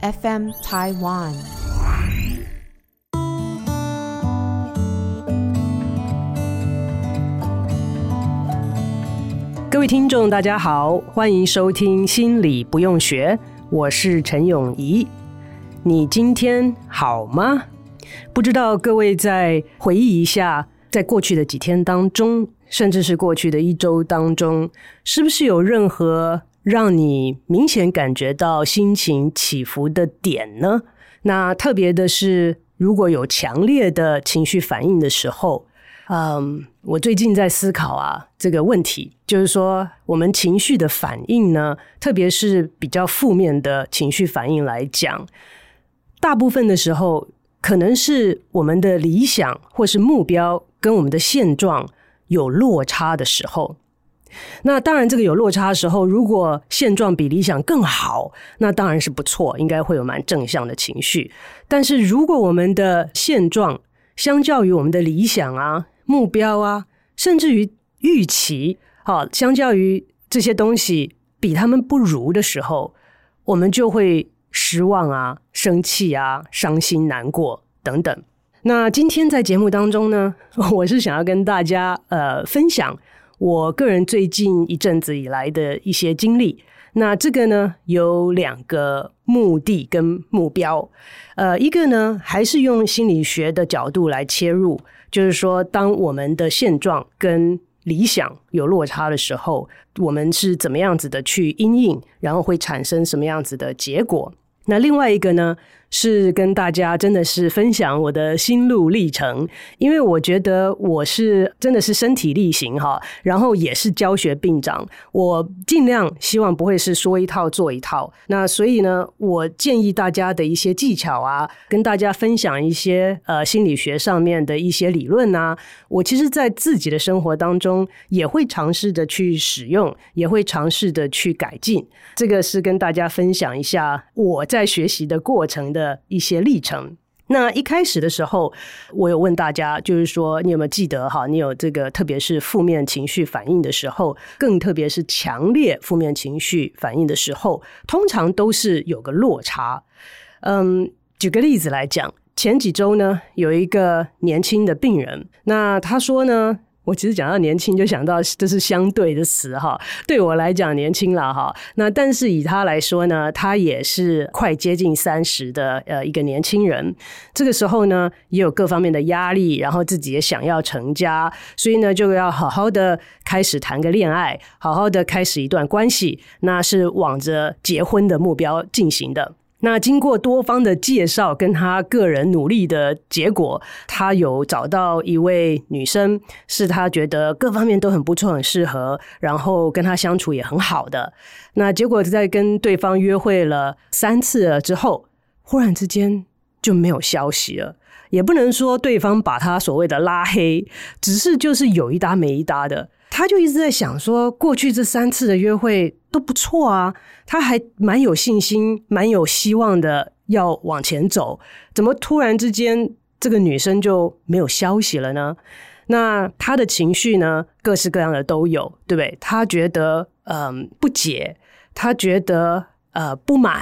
FM Taiwan，各位聽眾，大家好，歡迎收聽《心理不用學》，我是陳永儀。你今天好嗎？不知道各位再回憶一下，在過去的幾天當中，甚至是過去的一周當中，是不是有任何？讓你明顯感覺到心情起伏的點呢？那特別的是，如果有強烈的情緒反應的時候，嗯，我最近在思考啊這個問題，就是說我們情緒的反應呢，特別是比較負面的情緒反應來講，大部分的時候可能是我們的理想或是目標跟我們的現狀有落差的時候。那當然，這個有落差的時候，如果現狀比理想更好，那當然是不錯，應該會有蠻正向的情緒。但是如果我們的現狀相較於我們的理想啊、目標啊，甚至於預期，好、啊，相較於這些東西比他們不如的時候，我們就會失望啊、生氣啊、傷心、難過等等。那今天在節目當中呢，我是想要跟大家呃分享，我個人最近一陣子以來的一些經歷，那這個呢，有兩個目的跟目標，呃，一個呢還是用心理學的角度來切入，就是說當我們的現狀跟理想有落差的時候，我們是怎麼樣子的去因應，然後會產生什麼樣子的結果。那另外一個呢，是跟大家真的是分享我的心路歷程，因為我覺得我是真的是身體力行哈，然後也是教學相長，我盡量希望不會是說一套做一套。那所以呢，我建議大家的一些技巧啊，跟大家分享一些呃心理學上面的一些理論呢、啊，我其實，在自己的生活當中也會嘗試着去使用，也會嘗試着去改進。這個是跟大家分享一下我在。在學習的過程的一些歷程。那一開始的時候，我有問大家，就是說你有沒有記得哈？你有這個，特別是負面情緒反應的時候，更特別是強烈負面情緒反應的時候，通常都是有個落差。嗯，舉個例子來講，前幾周呢，有一個年輕的病人，那他說呢。我其實講到年輕，就想到這是相對的詞哈。對我來講，年輕了哈，那但是以他來說呢，他也是快接近三十的呃一個年輕人。這個時候呢，也有各方面的壓力，然後自己也想要成家，所以呢，就要好好的開始談個戀愛，好好的開始一段關係，那是往着結婚的目標進行的。那經過多方的介紹，跟他個人努力的結果，他有找到一位女生，是他覺得各方面都很不錯、很適合，然後跟他相處也很好的。那結果在跟對方約會了三次了之後，忽然之間就沒有消息了。也不能說對方把他所謂的拉黑，只是就是有一搭沒一搭的。他就一直在想說，過去這三次的約會都不錯啊，他還蠻有信心、蠻有希望的要往前走。怎麼突然之間這個女生就沒有消息了呢？那他的情緒呢，各式各樣的都有，對不對？他覺得嗯、呃不解，他覺得呃不滿，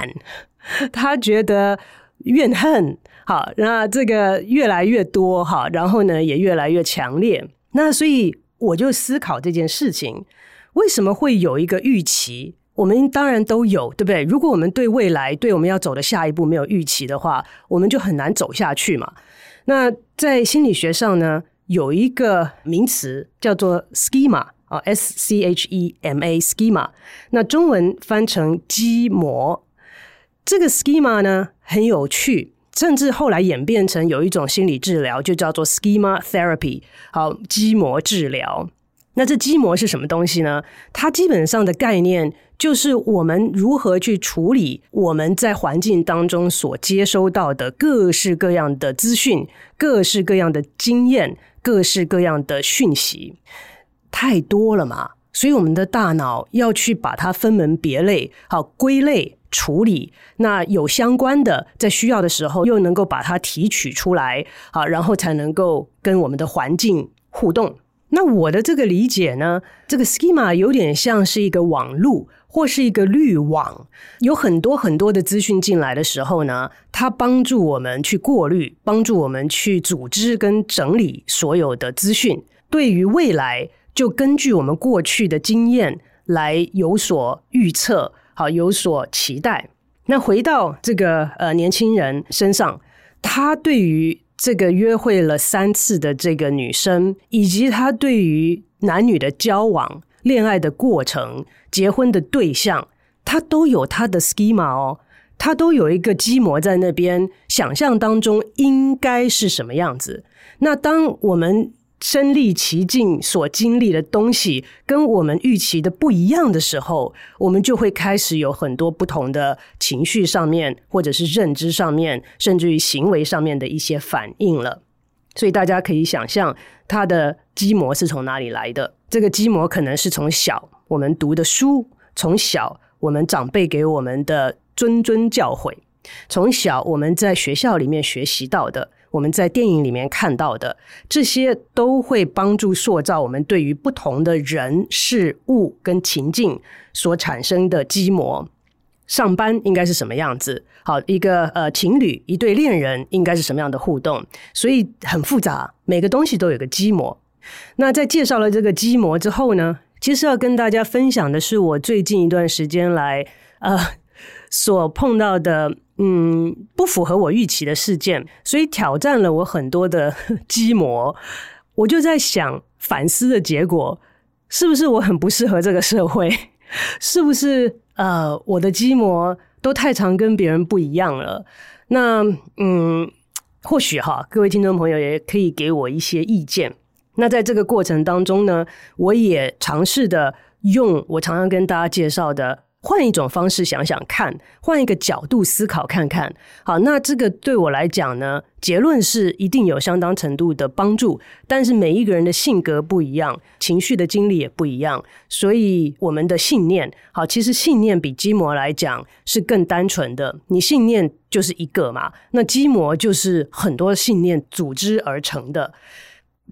他覺得怨恨。好，那這個越來越多哈，然後呢也越來越強烈。那所以。我就思考這件事情，為什麼會有一個預期？我們當然都有，對不對？如果我們對未來對我們要走的下一步沒有預期的話，我們就很難走下去嘛。那在心理學上呢，有一個名詞叫做 schema 啊 S C H E M A schema，那中文翻成「基模」。這個 schema 呢，很有趣。甚至後來演變成有一種心理治療，就叫做 schema therapy，好，基模治療。那這基模是什麼東西呢？它基本上的概念就是我們如何去處理我們在環境當中所接收到的各式各樣的資訊、各式各樣的經驗、各式各樣的訊息，太多了嘛。所以，我們的大腦要去把它分門別類，好歸類處理。那有相關的，在需要的時候，又能夠把它提取出來，好，然後才能夠跟我們的環境互動。那我的這個理解呢，這個 schema 有點像是一個網路，或是一個濾網。有很多很多的資訊進來的時候呢，它幫助我們去過濾，幫助我們去組織跟整理所有的資訊，對於未來，就根據我們過去的經驗來有所預測，好，有所期待。那回到這個呃年輕人身上，他對於這個約會了三次的這個女生，以及他對於男女的交往、戀愛的過程、結婚的對象，他都有他的 schema 哦，他都有一個基模在那邊，想象當中應該是什麼樣子。那當我們身歷其境所經歷的東西跟我們預期的不一樣的時候，我們就會開始有很多不同的情緒上面，或者是認知上面，甚至於行為上面的一些反應了。所以大家可以想象，他的基模是從哪裡來的？這個基模可能是從小我們讀的書，從小我們長輩給我們的諄諄教誨，從小我們在學校裡面學習到的。我們在電影裡面看到的這些，都會幫助塑造我們對於不同的人、事物跟情境所產生的基模。上班應該是什麼樣子？好，一個呃情侶，一對戀人應該是什麼樣的互動？所以很複雜，每個東西都有個基模。那在介紹了這個基模之後呢，其實要跟大家分享的是，我最近一段時間來，呃。所碰到的嗯不符合我預期的事件，所以挑戰了我很多的呵基模。我就在想，反思的結果是不是我很不適合這個社會，是不是呃我的基模都太常跟別人不一樣了？那嗯或許哈，各位聽眾朋友也可以給我一些意見。那在這個過程當中呢，我也嘗試的用我常常跟大家介紹的。換一種方式想想看，換一個角度思考看看。好，那這個對我來講呢，結論是一定有相當程度的幫助。但是每一個人的性格不一樣，情緒的經歷也不一樣，所以我們的信念，好，其實信念比基模來講是更單純的。你信念就是一個嘛，那基模就是很多信念組織而成的。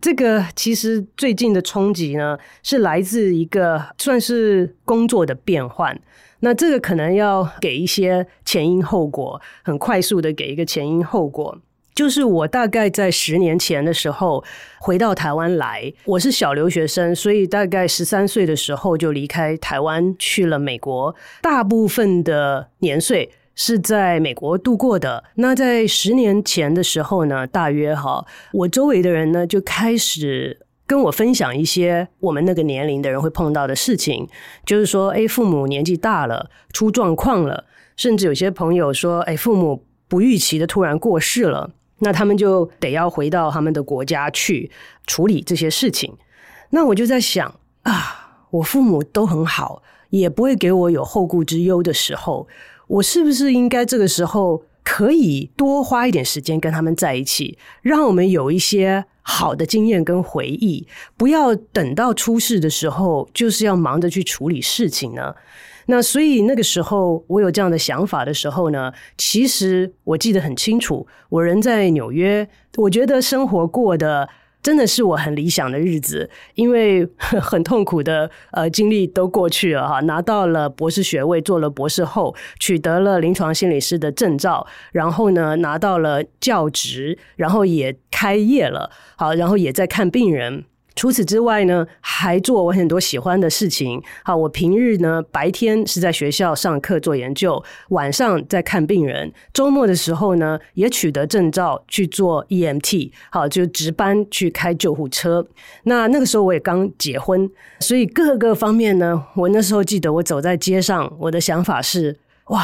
這個其實最近的衝擊呢，是來自一個算是工作的變換。那這個可能要給一些前因後果，很快速的給一個前因後果。就是我大概在十年前的時候回到台灣來，我是小留學生，所以大概十三歲的時候就離開台灣去了美國。大部分的年歲。是在美國度過的。那在十年前的時候呢，大約哈，我周圍的人呢就開始跟我分享一些我們那個年齡的人會碰到的事情，就是說，誒、哎、父母年紀大了，出狀況了，甚至有些朋友說，誒、哎、父母不預期的突然過世了，那他們就得要回到他們的國家去處理這些事情。那我就在想啊，我父母都很好，也不會給我有後顧之憂的時候。我是不是應該這個時候可以多花一點時間跟他們在一起，讓我們有一些好的經驗跟回憶？不要等到出事的時候，就是要忙着去處理事情呢。那所以那個時候我有這樣的想法的時候呢，其實我記得很清楚，我人在紐約，我覺得生活過得。真的是我很理想的日子。因為很痛苦的呃經歷都過去了哈，拿到了博士學位，做了博士後，取得了臨床心理師的證照，然後呢拿到了教職，然後也開業了，好，然後也在看病人。除此之外呢，還做我很多喜歡的事情。好，我平日呢白天是在學校上課做研究，晚上在看病人。周末的時候呢，也取得證照去做 EMT，好，就值班，去開救護車。那那個時候我也剛結婚，所以各個方面呢，我那時候記得我走在街上，我的想法是：哇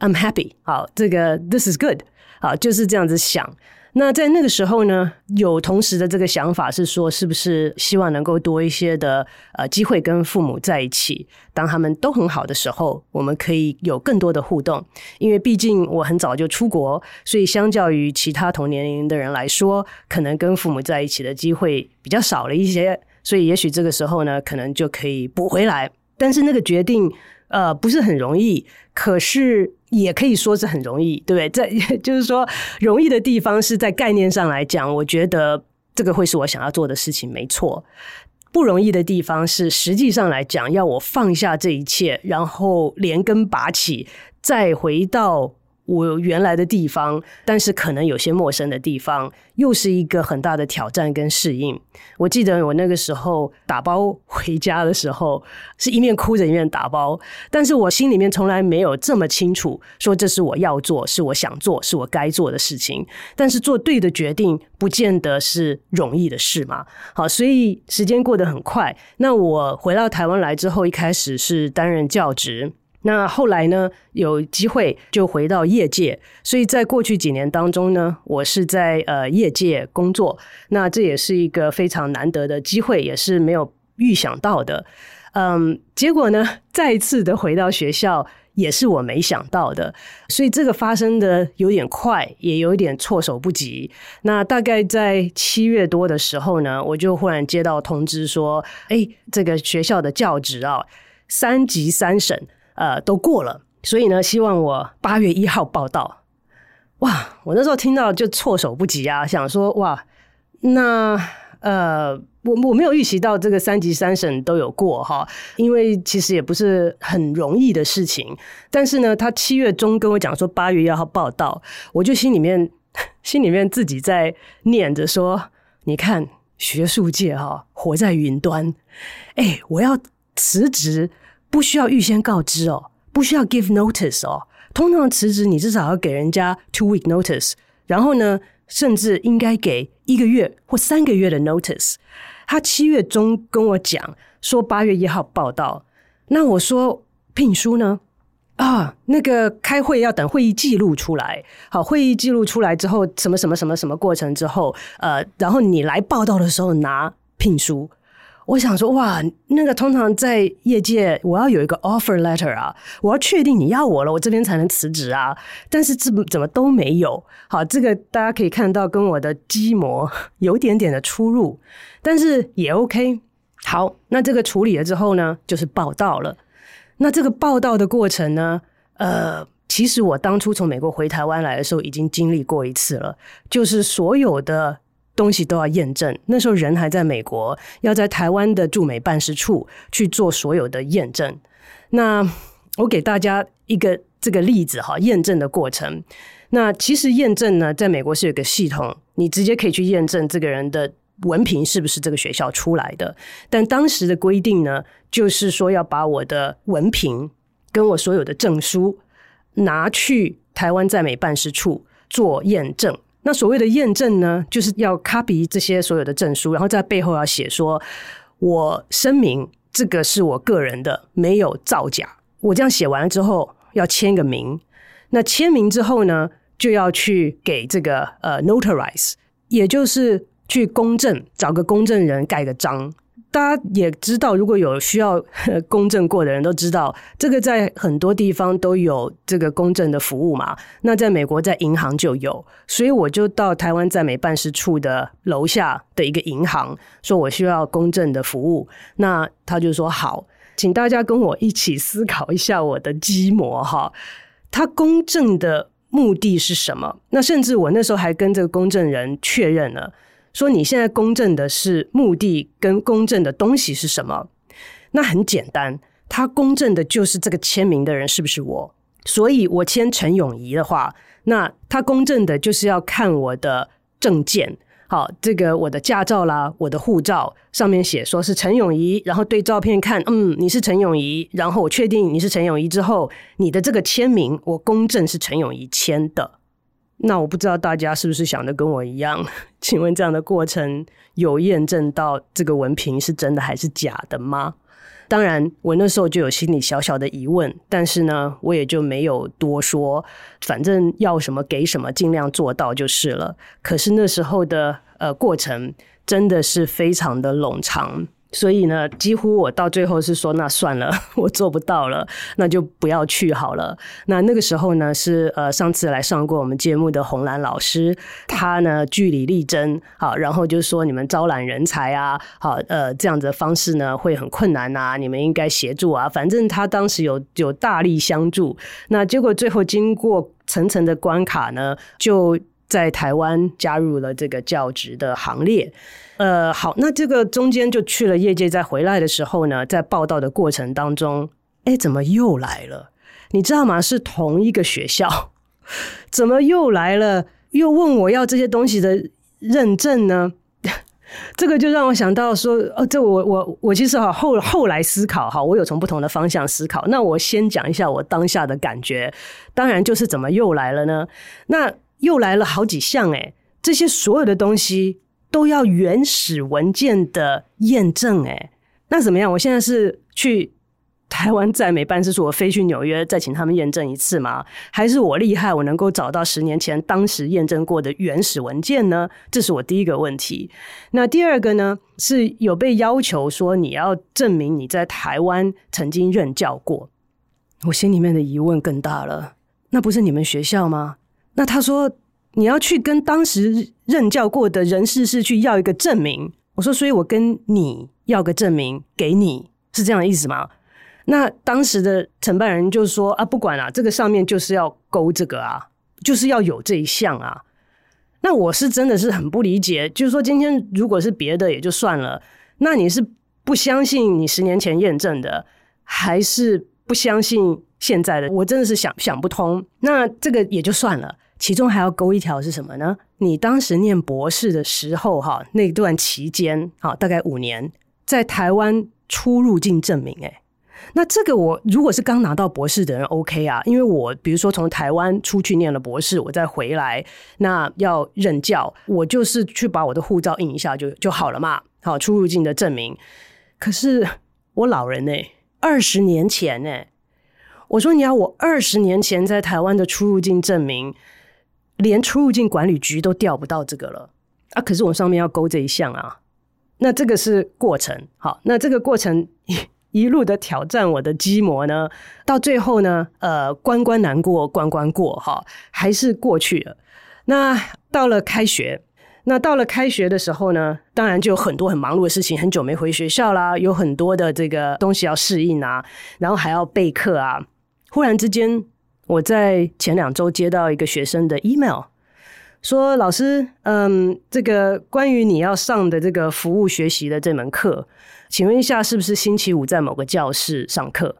，I'm happy，好，這個 this is good，好，就是這樣子想。那在那個時候呢，有同時的這個想法是說，是不是希望能夠多一些的呃機會跟父母在一起？當他們都很好的時候，我們可以有更多的互動。因為畢竟我很早就出國，所以相較於其他同年齡的人來說，可能跟父母在一起的機會比較少了一些。所以也許這個時候呢，可能就可以補回來。但是那個決定呃不是很容易，可是。也可以說是很容易，對不對？這就是說，容易的地方是在概念上來講，我覺得這個會是我想要做的事情，沒錯。不容易的地方是，實際上來講，要我放下這一切，然後連根拔起，再回到。我原來的地方，但是可能有些陌生的地方，又是一個很大的挑戰跟適應。我記得我那個時候打包回家的時候，是一面哭着一面打包，但是我心裡面從來沒有這麼清楚，說這是我要做，是我想做，是我該做的事情。但是做對的決定，不見得是容易的事嘛。好，所以時間過得很快。那我回到台灣來之後，一開始是擔任教職。那後來呢，有機會就回到業界，所以在過去幾年當中呢，我是在呃業界工作。那這也是一個非常難得的機會，也是沒有預想到的。嗯，結果呢，再一次的回到學校也是我沒想到的，所以這個發生的有點快，也有一點措手不及。那大概在七月多的時候呢，我就忽然接到通知說，哎，這個學校的教職啊，三級三審，呃，都過了，所以呢，希望我八月一號報到。哇，我那時候聽到就措手不及啊，想說哇，那呃，我我沒有預期到這個三級三審都有過哈，因為其實也不是很容易的事情。但是呢，他七月中跟我講說八月一號報到，我就心裡面心裡面自己在念着說，你看學術界哈、哦，活在雲端，哎，我要辭職。不需要預先告知哦，不需要 give notice 哦。通常辭職你至少要給人家 two week notice，然後呢，甚至應該給一個月或三個月的 notice。他七月中跟我講說八月一號報到。那我說，聘書呢？啊，那個開會要等會議記錄出來，好，會議記錄出來之後，什麼什麼什麼什麼過程之後，呃，然後你來報到的時候拿聘書。我想說哇，那個通常在業界，我要有一個 offer letter 啊，我要確定你要我了，我這邊才能辭職啊。但是這怎麼都沒有，好，這個大家可以看到跟我的基模有點點的出入，但是也 OK。好，那這個處理了之後呢，就是報到了。那這個報到的過程呢，呃，其實我當初從美國回台灣來的時候，已經經歷過一次了，就是所有的。東西都要驗證。那時候人還在美國，要在台灣的駐美辦事處去做所有的驗證。那我給大家一個這個例子哈，驗證的過程。那其實驗證呢，在美國是有個系統，你直接可以去驗證這個人的文憑是不是這個學校出來的。但當時的規定呢，就是說要把我的文憑跟我所有的證書拿去台灣在美辦事處做驗證。那所謂的驗證呢，就是要 copy 這些所有的證書，然後在背後要寫說：“我聲明這個是我個人的，沒有造假。”我這樣寫完了之後，要簽個名。那簽名之後呢，就要去給這個呃、uh, notarize，也就是去公證，找個公證人蓋個章。大家也知道，如果有需要公證過的人都知道，這個在很多地方都有這個公證的服務嘛。那在美國，在銀行就有，所以我就到台灣在美辦事處的樓下的一個銀行，說我需要公證的服務。那他就說好，請大家跟我一起思考一下我的基模哈。他公證的目的是什麼？那甚至我那時候還跟這個公證人確認了。說你現在公證的是目的跟公證的東西是什麼？那很簡單，他公證的就是這個簽名的人是不是我？所以我簽陳永儀的話，那他公證的就是要看我的證件，好，這個我的駕照啦，我的護照上面寫說是陳永儀，然後對照片看，嗯，你是陳永儀，然後我確定你是陳永儀之後，你的這個簽名我公證是陳永儀簽的。那我不知道大家是不是想的跟我一樣？請問這樣的過程有驗證到這個文憑是真的還是假的嗎？當然，我那時候就有心裡小小的疑問，但是呢，我也就沒有多說，反正要什麼給什麼，盡量做到就是了。可是那時候的呃過程真的是非常的冗長。所以呢，幾乎我到最後是說，那算了，我做不到了，那就不要去好了。那那個時候呢，是呃，上次來上過我們節目的洪蘭老師，他呢據理力爭，好，然後就說你們招攬人才啊，好，呃，這樣子的方式呢會很困難啊，你們應該協助啊。反正他當時有有大力相助，那結果最後經過層層的關卡呢，就在台灣加入了這個教職的行列。呃，好，那這個中間就去了業界，再回來的時候呢，在報到的過程當中，哎，怎麼又來了？你知道嗎？是同一個學校，怎麼又來了？又問我要這些東西的認證呢？這個就讓我想到說，哦，這我我我其實哈後後來思考哈，我有從不同的方向思考。那我先講一下我當下的感覺，當然就是怎麼又來了呢？那又來了好幾項，哎，這些所有的東西。都要原始文件的驗證，哎，那怎麼樣？我現在是去台灣在美辦事處，我飛去紐約再請他們驗證一次嗎？還是我厲害，我能夠找到十年前當時驗證過的原始文件呢？這是我第一個問題。那第二個呢，是有被要求說，你要證明你在台灣曾經任教過，我心裡面的疑問更大了。那不是你們學校嗎？那他說。你要去跟當時任教過的人事室去要一個證明。我說，所以我跟你要個證明給你，是這樣的意思嗎？那當時的承辦人就說啊，不管了啊，這個上面就是要勾這個啊，就是要有這一項啊。那我是真的是很不理解，就是說今天如果是別的也就算了，那你是不相信你十年前驗證的，還是不相信現在的？我真的是想想不通。那這個也就算了。其中還要勾一條是什麼呢？你當時念博士的時候，哈，那段期間，哈，大概五年，在台灣出入境證明，誒，那這個我如果是剛拿到博士的人，OK 啊，因為我比如說從台灣出去念了博士，我再回來，那要任教，我就是去把我的護照印一下就就好了嘛，好出入境的證明。可是我老人呢，欸，二十年前呢，欸，我說你要我二十年前在台灣的出入境證明。連出入境管理局都調不到這個了啊！可是我上面要勾這一項啊，那這個是過程。好，那這個過程一,一路的挑戰我的基模呢，到最後呢，呃，關關難過關關過哈，還是過去了。那到了開學，那到了開學的時候呢，當然就有很多很忙碌的事情，很久沒回學校啦，有很多的這個東西要適應啊，然後還要備課啊，忽然之間。我在前兩週接到一個學生的 email，說老師，嗯，這個關於你要上的這個服務學習的這門課，請問一下是不是星期五在某個教室上課？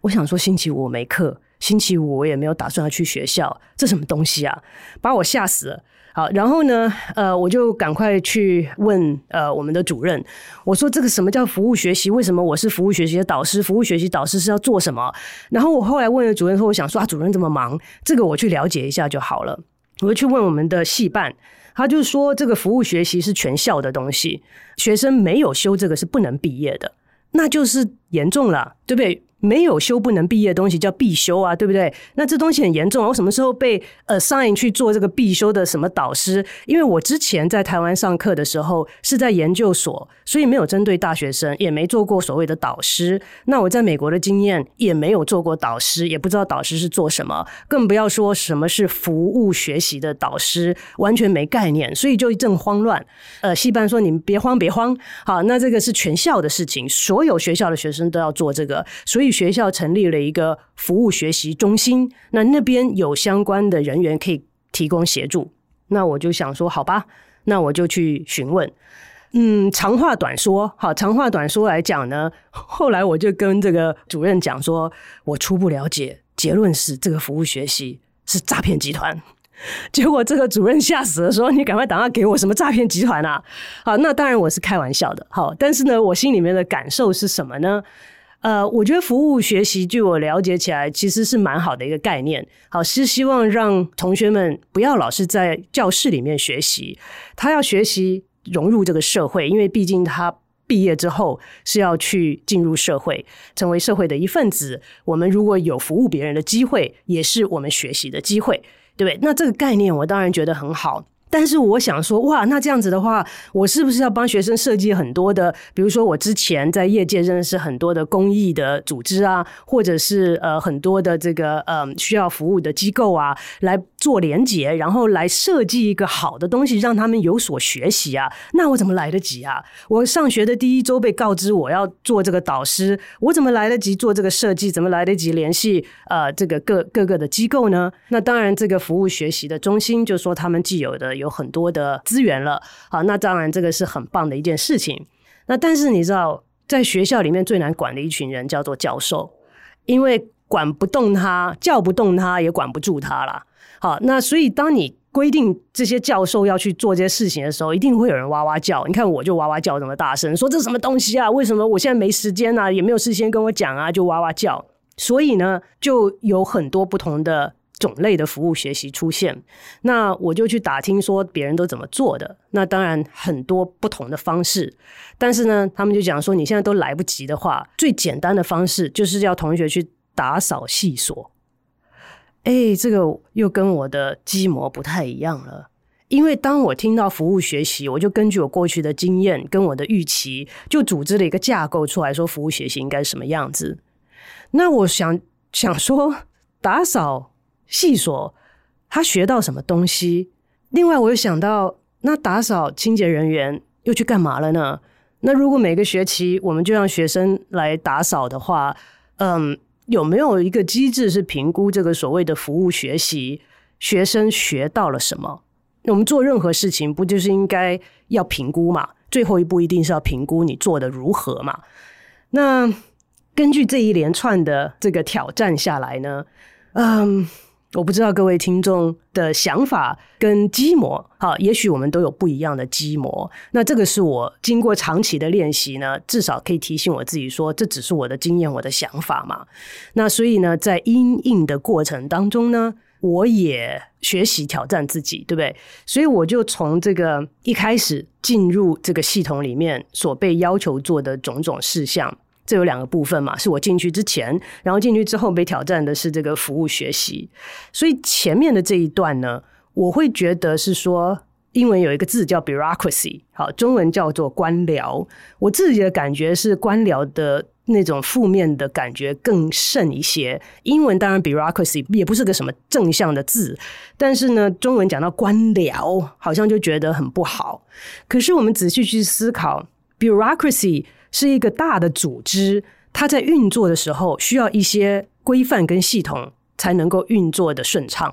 我想說星期五我沒課，星期五我也沒有打算要去學校，這什麼東西啊？把我嚇死了。好，然後呢，呃，我就趕快去問呃我們的主任，我說，這個什麼叫服務學習？為什麼我是服務學習的導師？服務學習導師是要做什麼？然後我後來問了主任說，我想說啊，主任這麼忙，這個我去了解一下就好了。我就去問我們的系辦，他就說這個服務學習是全校的東西，學生沒有修這個是不能畢業的，那就是嚴重了，對不對？沒有修不能畢業的東西叫必修啊，對不對？那這東西很嚴重。我什麼時候被呃 assign 去做這個必修的什麼導師？因為我之前在台灣上課的時候是在研究所，所以沒有針對大學生，也沒做過所謂的導師。那我在美國的經驗也沒有做過導師，也不知道導師是做什麼，更不要說什麼是服務學習的導師，完全沒概念，所以就一陣慌亂。呃，系辦說你們別慌，別慌，好，那這個是全校的事情，所有學校的學生都要做這個，所以。學校成立了一個服務學習中心，那那邊有相關的人員可以提供協助。那我就想說，好吧，那我就去詢問。嗯，長話短說，好，長話短說來講呢。後來我就跟這個主任講說，我初步了解，結論是這個服務學習是詐騙集團。結果這個主任嚇死了說，說你趕快打電話給我，什麼詐騙集團啊？好，那當然我是開玩笑的，好，但是呢，我心裡面的感受是什麼呢？呃，我覺得服務學習，據我了解起來，其實是蠻好的一個概念。好，是希望讓同學們不要老是在教室裡面學習，他要學習融入這個社會，因為畢竟他畢業之後是要去進入社會，成為社會的一份子。我們如果有服務別人的機會，也是我們學習的機會，對不對？那這個概念，我當然覺得很好。但是我想說，哇，那這樣子的話，我是不是要幫學生設計很多的？比如說，我之前在業界認識很多的公益的組織啊，或者是呃很多的這個呃需要服務的機構啊，來。做連結，然後來設計一個好的東西，讓他們有所學習啊。那我怎麼來得及啊？我上學的第一周被告知我要做這個導師，我怎麼來得及做這個設計？怎麼來得及聯繫呃這個各各個的機構呢？那當然，這個服務學習的中心就說他們既有的有很多的資源了，好，那當然，這個是很棒的一件事情。那但是你知道，在學校裡面最難管的一群人叫做教授，因為管不動他，叫不動他，也管不住他了。好，那所以當你規定這些教授要去做這些事情的時候，一定會有人哇哇叫。你看，我就哇哇叫，這麼大聲，說這什麼東西啊？為什麼我現在沒時間啊？也沒有事先跟我講啊，就哇哇叫。所以呢，就有很多不同的種類的服務學習出現。那我就去打聽說別人都怎麼做的。那當然很多不同的方式，但是呢，他們就講說你現在都來不及的話，最簡單的方式就是要同學去打掃系所。哎，這個又跟我的基模不太一樣了。因為當我聽到服務學習，我就根據我過去的經驗跟我的預期，就組織了一個架構出來說服務學習應該什麼樣子。那我想想說，打掃系所他學到什麼東西？另外，我又想到，那打掃清潔人員又去幹嘛了呢？那如果每個學期我們就讓學生來打掃的話，嗯。有沒有一個機制是評估這個所謂的服務學習，學生學到了什麼？我們做任何事情不就是應該要評估嘛？最後一步一定是要評估你做得如何嘛？那根據這一連串的這個挑戰下來呢，嗯。我不知道各位聽眾的想法跟基模，哈，也許我們都有不一樣的基模。那這個是我經過長期的練習呢，至少可以提醒我自己說，這只是我的經驗，我的想法嘛。那所以呢，在因應的過程當中呢，我也學習挑戰自己，對不對？所以我就從這個一開始進入這個系統裡面所被要求做的種種事項。這有兩個部分嘛，是我進去之前，然後進去之後被挑戰的是這個服務學習。所以前面的這一段呢，我會覺得是說，英文有一個字叫 bureaucracy，好，中文叫做官僚。我自己的感覺是官僚的那種負面的感覺更甚一些。英文當然 bureaucracy 也不是個什麼正向的字，但是呢，中文講到官僚，好像就覺得很不好。可是我們仔細去思考 bureaucracy。是一個大的組織，它在運作的時候需要一些規範跟系統才能夠運作的順暢，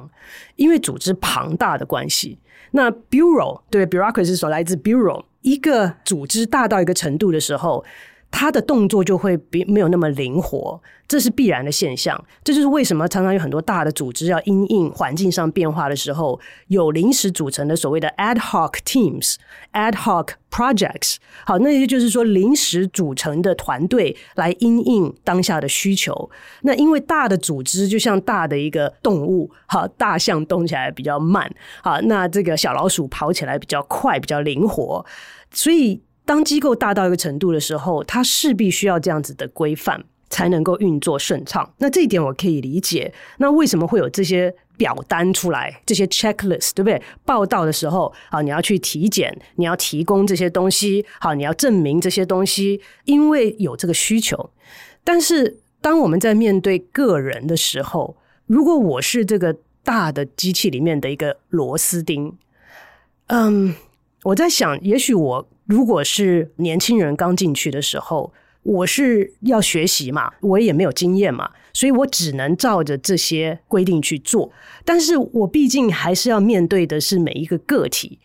因為組織龐大的關係。那 bureau 對，對 bureaucracy 所來自 bureau，一個組織大到一個程度的時候。他的動作就會沒有那麼靈活，這是必然的現象。這就是為什麼常常有很多大的組織要因應環境上變化的時候，有臨時組成的所謂的 ad hoc teams、ad hoc projects。好，那也就是說，臨時組成的團隊來因應當下的需求。那因為大的組織就像大的一個動物，哈，大象動起來比較慢，好，那這個小老鼠跑起來比較快，比較靈活，所以。當機構大到一個程度的時候，它勢必需要這樣子的規範才能夠運作順暢。那這一點我可以理解。那為什麼會有這些表單出來？這些 checklist，對不對？報到的時候，好，你要去體檢，你要提供這些東西，好，你要證明這些東西，因為有這個需求。但是當我們在面對個人的時候，如果我是這個大的機器裡面的一個螺絲釘，嗯，我在想，也許我。如果是年輕人剛進去的時候，我是要學習嘛，我也沒有經驗嘛，所以我只能照着這些規定去做。但是我畢竟還是要面對的是每一個個體。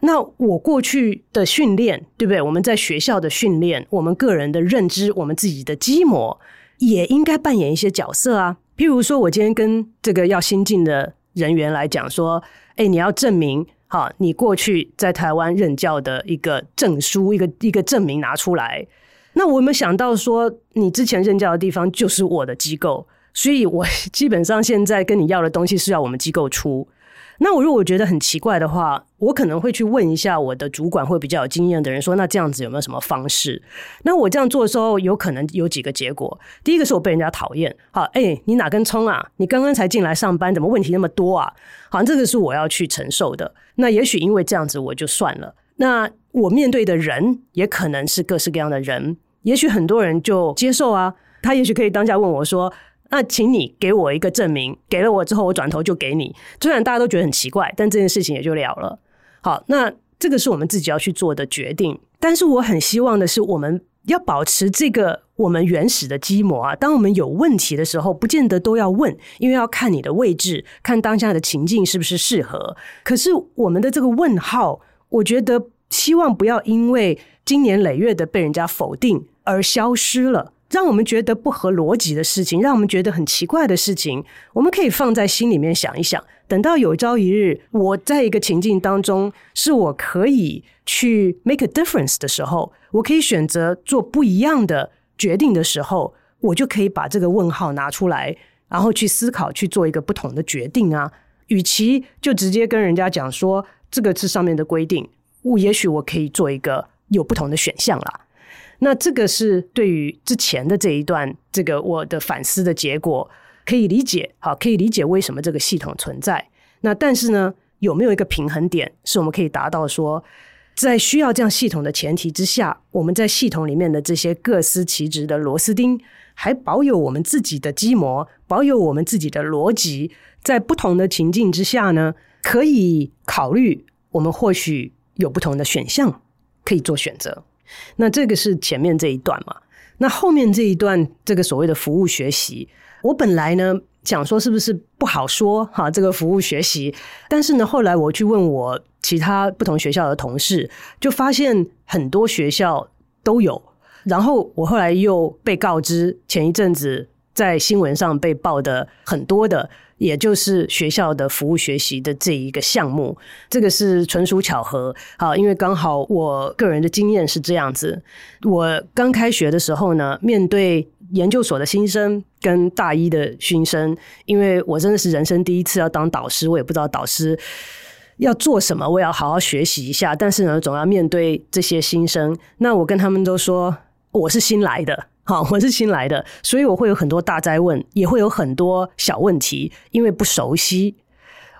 那我過去的訓練，對不對？我們在學校的訓練，我們個人的認知，我們自己的基模，也應該扮演一些角色啊。譬如說，我今天跟這個要新進的人員來講說，哎，你要證明。好，你過去在台灣任教的一個證書、一個一個證明拿出來，那我有沒有想到說，你之前任教的地方就是我的機構，所以我基本上現在跟你要的東西是要我們機構出。那我如果覺得很奇怪的話，我可能會去問一下我的主管，或比較有經驗的人說，那這樣子有沒有什麼方式？那我這樣做的時候，有可能有幾個結果。第一個是我被人家討厭，好，誒、欸，你哪根蔥啊？你剛剛才進來上班，怎麼問題那麼多啊？好像這個是我要去承受的。那也許因為這樣子我就算了。那我面對的人也可能是各式各樣的人，也許很多人就接受啊，他也許可以當下問我說。那，請你給我一個證明，給了我之後，我轉頭就給你。雖然大家都覺得很奇怪，但這件事情也就了了。好，那這個是我們自己要去做的決定。但是我很希望的是，我們要保持這個我們原始的基模啊。當我們有問題的時候，不見得都要問，因為要看你的位置，看當下的情境是不是適合。可是我們的這個問號，我覺得希望不要因為經年累月的被人家否定而消失了。讓我們覺得不合邏輯的事情，讓我們覺得很奇怪的事情，我們可以放在心裡面想一想。等到有朝一日我在一個情境當中，是我可以去 make a difference 的時候，我可以選擇做不一樣的決定的時候，我就可以把這個問號拿出來，然後去思考，去做一個不同的決定啊。與其就直接跟人家講說這個是上面的規定，我也許我可以做一個有不同的選項啦。那這個是對於之前的這一段，這個我的反思的結果，可以理解，好，可以理解為什麼這個系統存在。那但是呢，有沒有一個平衡點，是我們可以達到說，在需要這樣系統的前提之下，我們在系統裡面的這些各司其職的螺絲釘，還保有我們自己的基模，保有我們自己的邏輯，在不同的情境之下呢，可以考慮我們或許有不同的選項可以做選擇。那這個是前面這一段嘛？那後面這一段，這個所謂的服務學習，我本來呢想說是不是不好說哈？這個服務學習，但是呢，後來我去問我其他不同學校的同事，就發現很多學校都有。然後我後來又被告知，前一陣子在新聞上被報的很多的。也就是學校的服務學習的這一個項目，這個是純屬巧合。好，因為剛好我個人的經驗是這樣子：我剛開學的時候呢，面對研究所的新生跟大一的新生，因為我真的是人生第一次要當導師，我也不知道導師要做什麼，我也要好好學習一下。但是呢，總要面對這些新生，那我跟他們都說我是新來的。好，我是新來的，所以我會有很多大哉問，也會有很多小問題，因為不熟悉，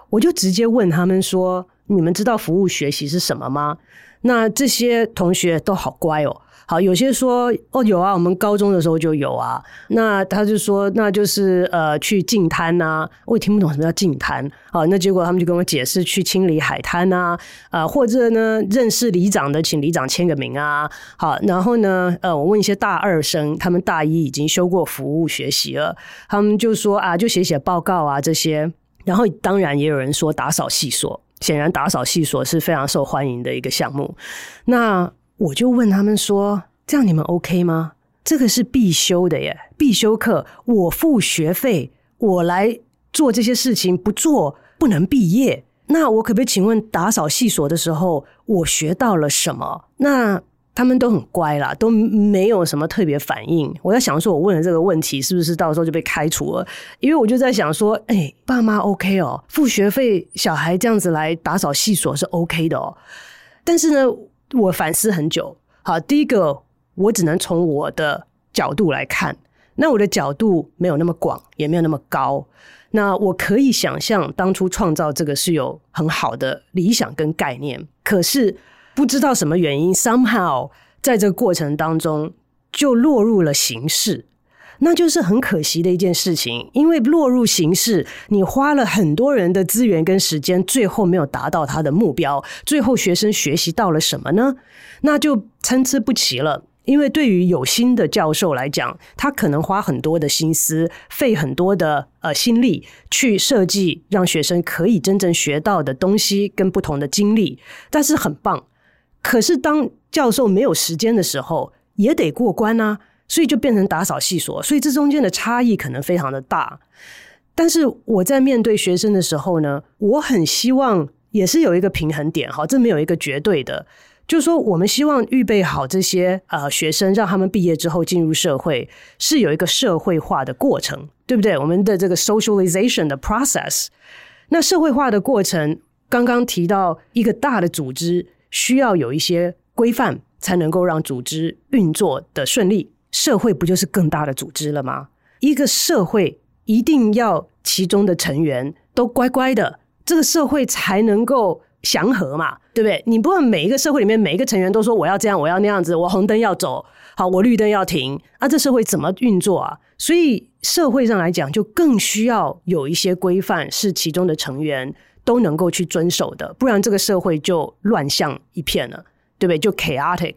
我就直接問他們說：“你們知道服務學習是什麼嗎？”那這些同學都好乖哦。好，有些說哦，有啊，我們高中的時候就有啊。那他就說，那就是呃去淨灘吶，我、哦、也聽不懂什麼叫淨灘。好，那結果他們就跟我解釋去清理海灘吶、啊，啊、呃，或者呢認識里長的，請里長簽個名啊。好，然後呢，呃，我問一些大二生，他們大一已經修過服務學習了，他們就說啊，就寫寫報告啊這些。然後當然也有人說打掃系所，顯然打掃系所是非常受歡迎的一個項目。那。我就問他們說：“這樣你們 OK 嗎？這個是必修的耶，必修課，我付學費，我來做這些事情，不做不能畢業。那我可不可以請問，打掃系所的時候，我學到了什麼？”那他們都很乖啦，都沒有什麼特別反應。我在想說，我問了這個問題，是不是到時候就被開除了？因為我就在想說，誒、哎、爸媽 OK 哦，付學費，小孩這樣子來打掃系所是 OK 的哦。但是呢。我反思很久，好，第一個我只能從我的角度來看，那我的角度沒有那麼廣，也沒有那麼高。那我可以想象，當初創造這個是有很好的理想跟概念，可是不知道什麼原因，somehow 在這個過程當中就落入了形式。那就是很可惜的一件事情，因為落入形式，你花了很多人的資源跟時間，最後沒有達到他的目標。最後學生學習到了什麼呢？那就參差不齊了。因為對於有心的教授來講，他可能花很多的心思，費很多的呃心力去設計，讓學生可以真正學到的東西跟不同的經歷，但是很棒。可是當教授沒有時間的時候，也得過關呢，啊。所以就變成打掃細瑣，所以這中間的差異可能非常的大。但是我在面對學生的時候呢，我很希望也是有一個平衡點，好，這沒有一個絕對的，就是說我們希望預備好這些呃學生，讓他們畢業之後進入社會是有一個社會化的過程，對不對？我們的這個 socialization 的 process。那社會化的過程剛剛提到一個大的組織需要有一些規範，才能夠讓組織運作的順利。社會不就是更大的組織了嗎？一個社會一定要其中的成員都乖乖的，這個社會才能夠祥和嘛，對不對？你不能每一個社會裡面每一個成員都說我要這樣，我要那樣子，我紅燈要走，好，我綠燈要停，啊，這社會怎麼運作啊？所以社會上來講，就更需要有一些規範是其中的成員都能夠去遵守的，不然這個社會就亂象一片了，對不對？就 chaotic。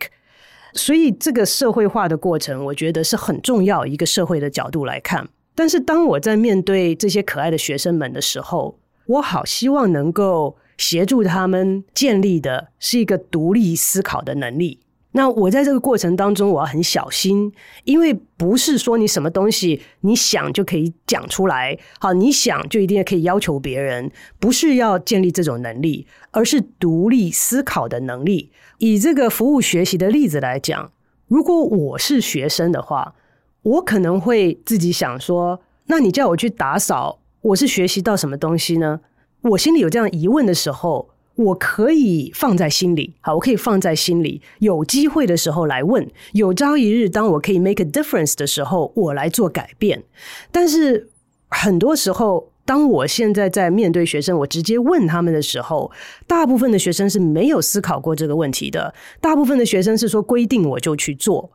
所以，這個社會化的過程，我覺得是很重要，一個社會的角度來看，但是當我在面對這些可愛的學生們的時候，我好希望能夠協助他們建立的是一個獨立思考的能力。那我在這個過程當中，我要很小心，因為不是說你什麼東西你想就可以講出來，好，你想就一定也可以要求別人，不是要建立這種能力，而是獨立思考的能力。以這個服務學習的例子來講，如果我是學生的話，我可能會自己想說，那你叫我去打掃，我是學習到什麼東西呢？我心裡有這樣疑問的時候。我可以放在心裡，好，我可以放在心裡。有機會的時候來問。有朝一日，當我可以 make a difference 的時候，我來做改變。但是很多時候，當我現在在面對學生，我直接問他們的時候，大部分的學生是沒有思考過這個問題的。大部分的學生是說規定我就去做。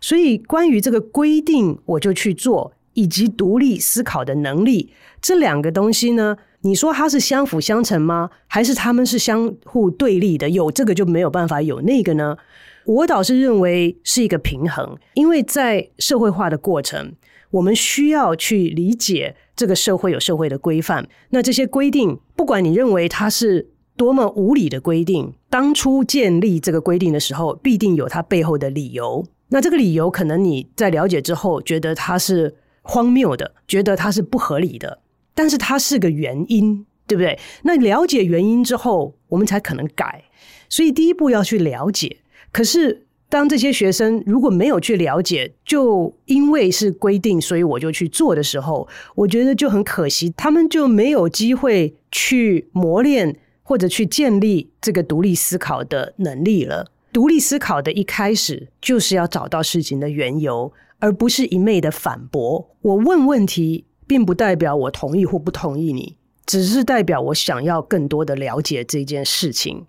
所以，關於這個規定我就去做，以及獨立思考的能力這兩個東西呢，你說它是相輔相成嗎？還是他們是相互對立的？有這個就沒有辦法有那個呢？我倒是認為是一個平衡，因為在社會化的過程，我們需要去理解這個社會有社會的規範。那這些規定，不管你認為它是多麼無理的規定，當初建立這個規定的時候，必定有它背後的理由。那這個理由，可能你在了解之後，覺得它是荒謬的，覺得它是不合理的。但是它是個原因，對不對？那了解原因之後，我們才可能改。所以第一步要去了解。可是當這些學生如果沒有去了解，就因為是規定，所以我就去做的時候，我覺得就很可惜，他們就沒有機會去磨練或者去建立這個獨立思考的能力了。獨立思考的一開始就是要找到事情的緣由，而不是一昧的反駁。我問問題。並不代表我同意或不同意你，只是代表我想要更多的了解這件事情。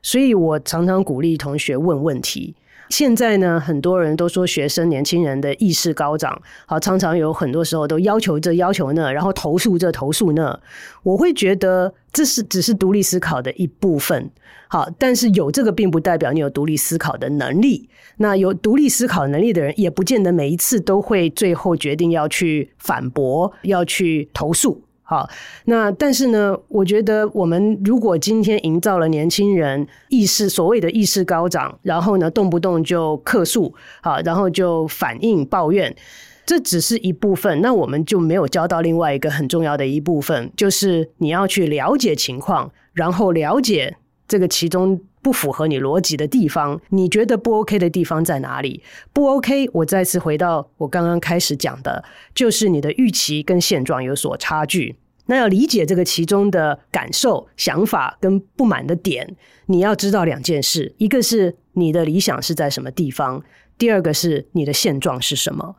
所以我常常鼓勵同學問問題。現在呢，很多人都說學生、年輕人的意識高漲，好，常常有很多時候都要求這、要求那，然後投訴這、投訴那。我會覺得這是只是獨立思考的一部分，好，但是有這個並不代表你有獨立思考的能力。那有獨立思考能力的人，也不見得每一次都會最後決定要去反駁、要去投訴。好，那但是呢，我覺得我們如果今天營造了年輕人意識，所謂的意識高漲，然後呢，動不動就客訴，好，然後就反應抱怨，這只是一部分，那我們就沒有教到另外一個很重要的一部分，就是你要去了解情況，然後了解。這個其中不符合你邏輯的地方，你覺得不 OK 的地方在哪裡？不 OK，我再次回到我剛剛開始講的，就是你的預期跟現狀有所差距。那要理解這個其中的感受、想法跟不滿的點，你要知道兩件事：一個是你的理想是在什麼地方，第二個是你的現狀是什麼。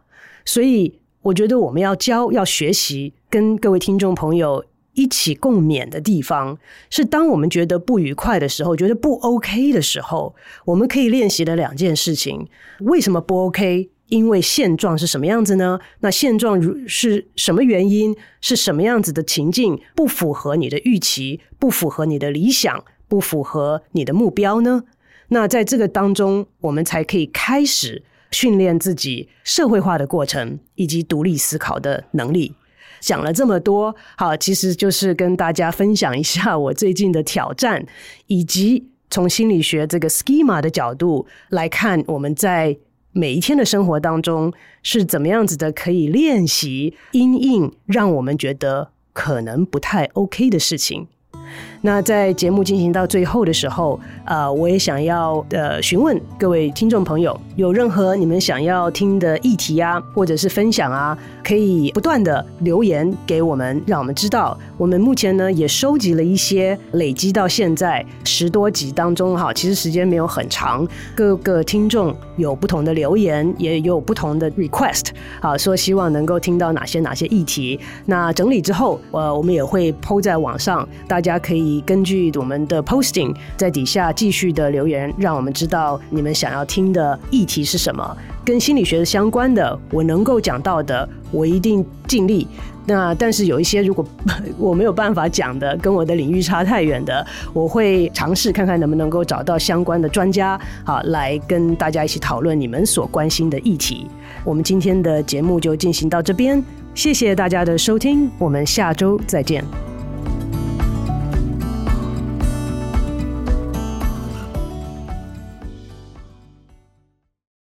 所以，我覺得我們要教、要學習，跟各位聽眾朋友。一起共勉的地方是，當我們覺得不愉快的時候，覺得不 OK 的時候，我們可以練習的兩件事情。為什麼不 OK？因為現狀是什麼樣子呢？那現狀是什麼原因？是什麼樣子的情境不符合你的預期，不符合你的理想，不符合你的目標呢？那在這個當中，我們才可以開始訓練自己社會化的過程以及獨立思考的能力。講了這麼多，好，其實就是跟大家分享一下我最近的挑戰，以及從心理學這個 schema 的角度來看，我們在每一天的生活當中是怎麼樣子的，可以練習因應，讓我們覺得可能不太 OK 的事情。那在節目進行到最後的時候，呃，我也想要呃詢問各位聽眾朋友，有任何你們想要聽的議題啊，或者是分享啊，可以不斷的留言給我們，讓我們知道。我們目前呢也收集了一些，累積到現在十多集當中哈，其實時間沒有很長，各個聽眾有不同的留言，也有不同的 request 好、啊、說希望能夠聽到哪些哪些議題。那整理之後，呃，我們也會 po 在網上，大家。可以根據我們的 posting 在底下繼續的留言，讓我們知道你們想要聽的議題是什麼？跟心理學相關的，我能夠講到的，我一定盡力。那但是有一些如果我沒有辦法講的，跟我的領域差太遠的，我會嘗試看看能不能夠找到相關的專家好，來跟大家一起討論你們所關心的議題。我們今天的節目就進行到這邊，謝謝大家的收聽，我們下週再見。